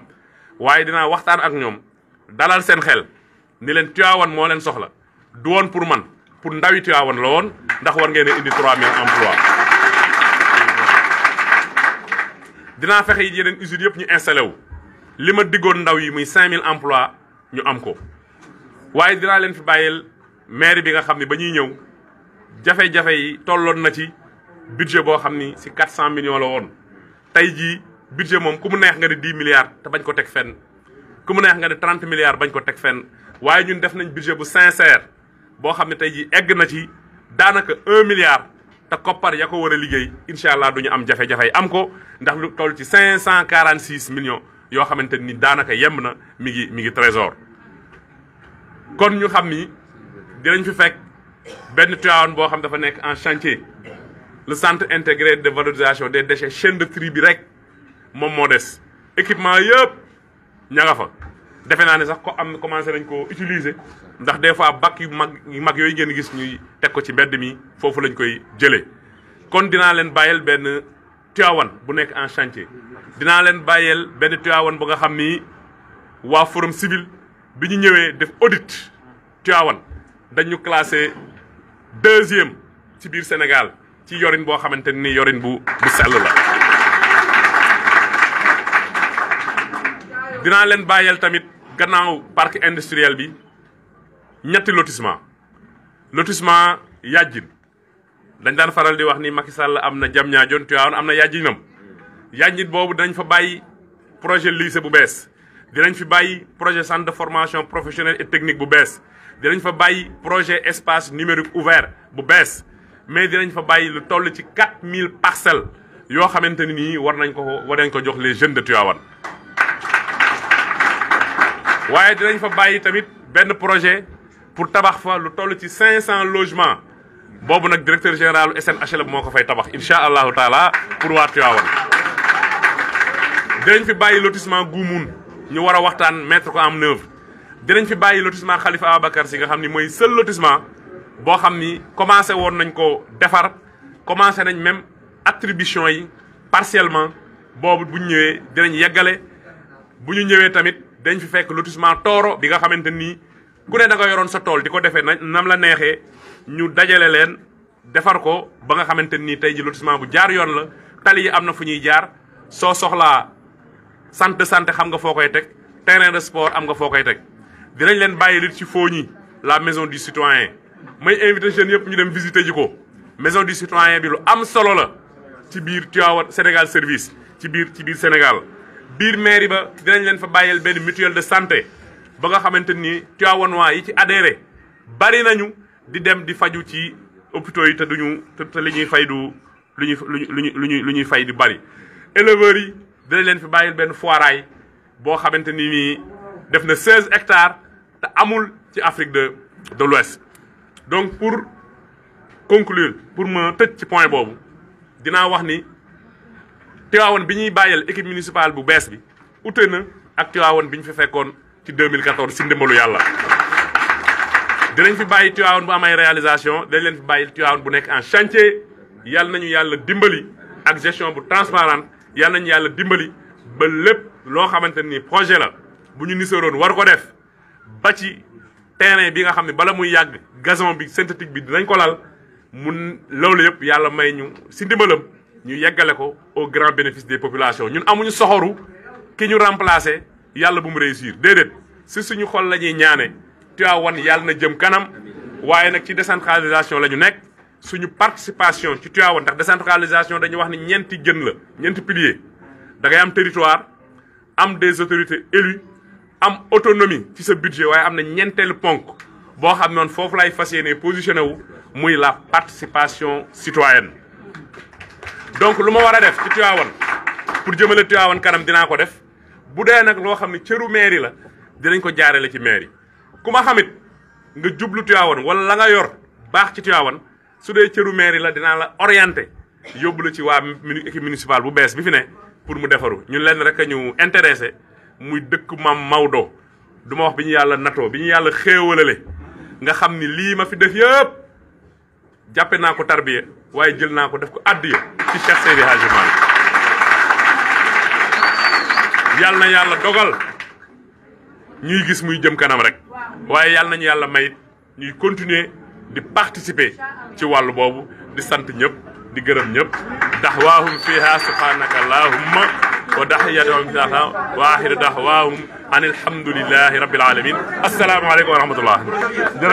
waaye dinaa waxtaan ak ñoom dalal seen xel ni leen Tivaouane moo leen soxla du woon pour man pour ndawi Tiwaawan la woon ndax war ngeen a indi 3000 emplois dinaa fexe yi yeneen usines yëpp ñu installé wu li ma diggoon ndaw yi muy 5000 emplois ñu am ko waaye dinaa leen fi bàyyil maire bi nga xam ne ba ñuy ñëw jafe-jafe yi tolloon na ci budget boo xam ni si 400 millions la woon tey jii budget moom ku mu neex nga ne 10 milliards te bañ ko teg fenn ku mu neex nga ne 30 milliards bañ ko teg fenn waaye ñun def nañ budget bu sincère boo xam ne tey jii egg na ci daanaka un milliard te koppar ya ko war a liggéey incha allah du ñu am jafe-jafe am ko ndax lu toll ci cinq cent quarante six millions yoo xamante ni daanaka yemb na mi ngi mi ngi trésor kon ñu xam ni dinañ fi fekk benn Tivaouane boo xam dafa nekk en chantier le centre intégré de valorisation des déchets chaîne de tri bi rek moom moo des équipement yëpp ña nga fa. defe naa ne sax ko am commencé nañ ko utiliser ndax des fois bakk yu mag yu mag yooyu ngeen gis ñuy teg ko ci mbedd mi foofu lañ koy jëlee. kon dinaa leen bàyyeel benn Tivaouane bu nekk en chantier dinaa leen bàyyeel benn Tivaouane bu nga xam ni waa forum civil bi ñu ñëwee def audit Tivaouane dañu classé deuxième ci biir Sénégal ci yorin boo xamante ni yorin bu bu sell la. dinaa leen bàyyeel tamit gannaaw parc industriel bi ñetti lotissement lotissement yàjjin dañ daan faral di wax ni Macky Sall am na jam ñaajoon Tivaouane am na yàjjinam yàjjin boobu dinañ fa bàyyi projet lycée bu bees dinañ fi bàyyi projet centre de formation professionnelle et technique bu bees dinañ fa bàyyi projet espace numérique ouvert bu bees mais dinañ fa bàyyi lu toll ci 4000 parcelles yoo xamante ni nii war nañ ko war nañ ko jox les jeunes de Tivaouane waaye dinañ fa bàyyi tamit benn projet pour tabax fa lu toll ci 500 logements boobu nag directeur général SNHLM moo ko fay tabax incha allahu taala pour waa Tivaouane. dinañ fi bàyyi lotissement Goumoun ñu war a waxtaan mettre ko am œuvre dinañ fi bàyyi lotissement Khalifa Ababacar si nga xam ni mooy seul lotissement boo xam ni commencé woon nañ ko defar commencé nañ même attribution yi partiellement boobu bu ñëwee dinañ yeggale bu ñu ñëwee tamit. dañ fi fekk lotissement tooro bi nga xamante nii ku ne da nga yoroon sa tool di ko defee na nam la neexee ñu dajale leen defar ko ba nga xamante nii tey ji lotissement bu jaar yoon la tali yi am na fu ñuy jaar soo soxlaa santé sante xam nga foo koy teg terrain de sport am nga foo koy teg dinañ leen bàyyi lit ci ñi la maison du citoyen may invité jeunes yëpp ñu dem visiter ji ko maison du citoyen bi lu am solo la ci biir Tivaouane Sénégal service ci biir ci biir Sénégal biir mairie ba dinañ leen fa bàyyil benn mutuelle de santé ba nga xamante ni Tivaouanois yi ci adhéré bari nañu di dem di faju ci hôpitaux yi te duñu te ñuy fay du lu ñuy lu ñuy lu ñuy fay di bari. éleveurs yi dinañ leen fi bàyyil benn foiraay boo xamante ni nii def na 16 hectares te amul ci Afrique de de l'Ouest donc pour conclure pour ma tëj ci point boobu dinaa wax ni. Tiwaawoon bi ñuy bàyyal équipe municipale bu bees bi ute na ak Tiwaawoon bi ñu fi fekkoon ci 2014 si ndimbalu yàlla. dinañ fi bàyyi Tiwaawoon bu am ay réalisation dañ leen fi bàyyi Tiwaawoon bu nekk en chantier yàlla nañu yàlla dimbali ak gestion bu transparente yàlla nañu yàlla dimbali ba lépp loo xamante ni projet la bu ñu niseroon war ko def ba ci terrain bi nga xam ne bala muy yàgg gazon bi synthétique bi dinañ ko lal mun loolu yëpp yàlla may ñu si ndimbalam. ñu yeggale ko au grand bénéfice des populations ñun amuñu soxoru ki ñu remplacer yàlla bu mu réussir déedéet si suñu xol la ñuy ñaane Tivaouane yàlla na jëm kanam waaye nag ci décentralisation la ñu nekk suñu participation ci Tivaouane ndax décentralisation dañuy wax ni ñeenti jën la ñeenti pilier da ngay am territoire am des autorités élues am autonomie ci sa budget waaye am na ñeenteelu ponk boo xam noonu foofu lay fas yéene positionné wu muy la participation citoyenne donc lu ma war a def ci Tivaouane pour jëmale Tivaouane kanam dinaa ko def bu dee nag loo xam ne cëru mairie la dinañ ko jaarale ci mairie ku ma xamit nga jublu Tivaouane wala la nga yor baax ci Tivaouane su dee cëru mairie la dinaa la orienté yóbbu la ci waa équipe municipale bu bees bi fi ne pour mu defaru ñun leen rek a ñu intéressé muy dëkk Mame Maodo du ma wax bi ñu yàlla natoo bi ñu yàlla xéewalale nga xam ni lii ma fi def yëpp jàppe naa ko tarbiya waaye jël naa ko def ko addiya ci Cheikh Seydi Hadji Malick yàlla na yàlla dogal ñuy gis muy jëm kanam rek waaye yàlla nañu yàlla may ñuy continuer di participer ci wàllu boobu di sant ñëpp di gërëm ñëpp daxwaahum fiha subhanaka allahumma wa daxiyatuhum fiha wa axiru daxwaahum an alhamdulilahi rabbil alamin asalaamaaleykum wa rahmatullah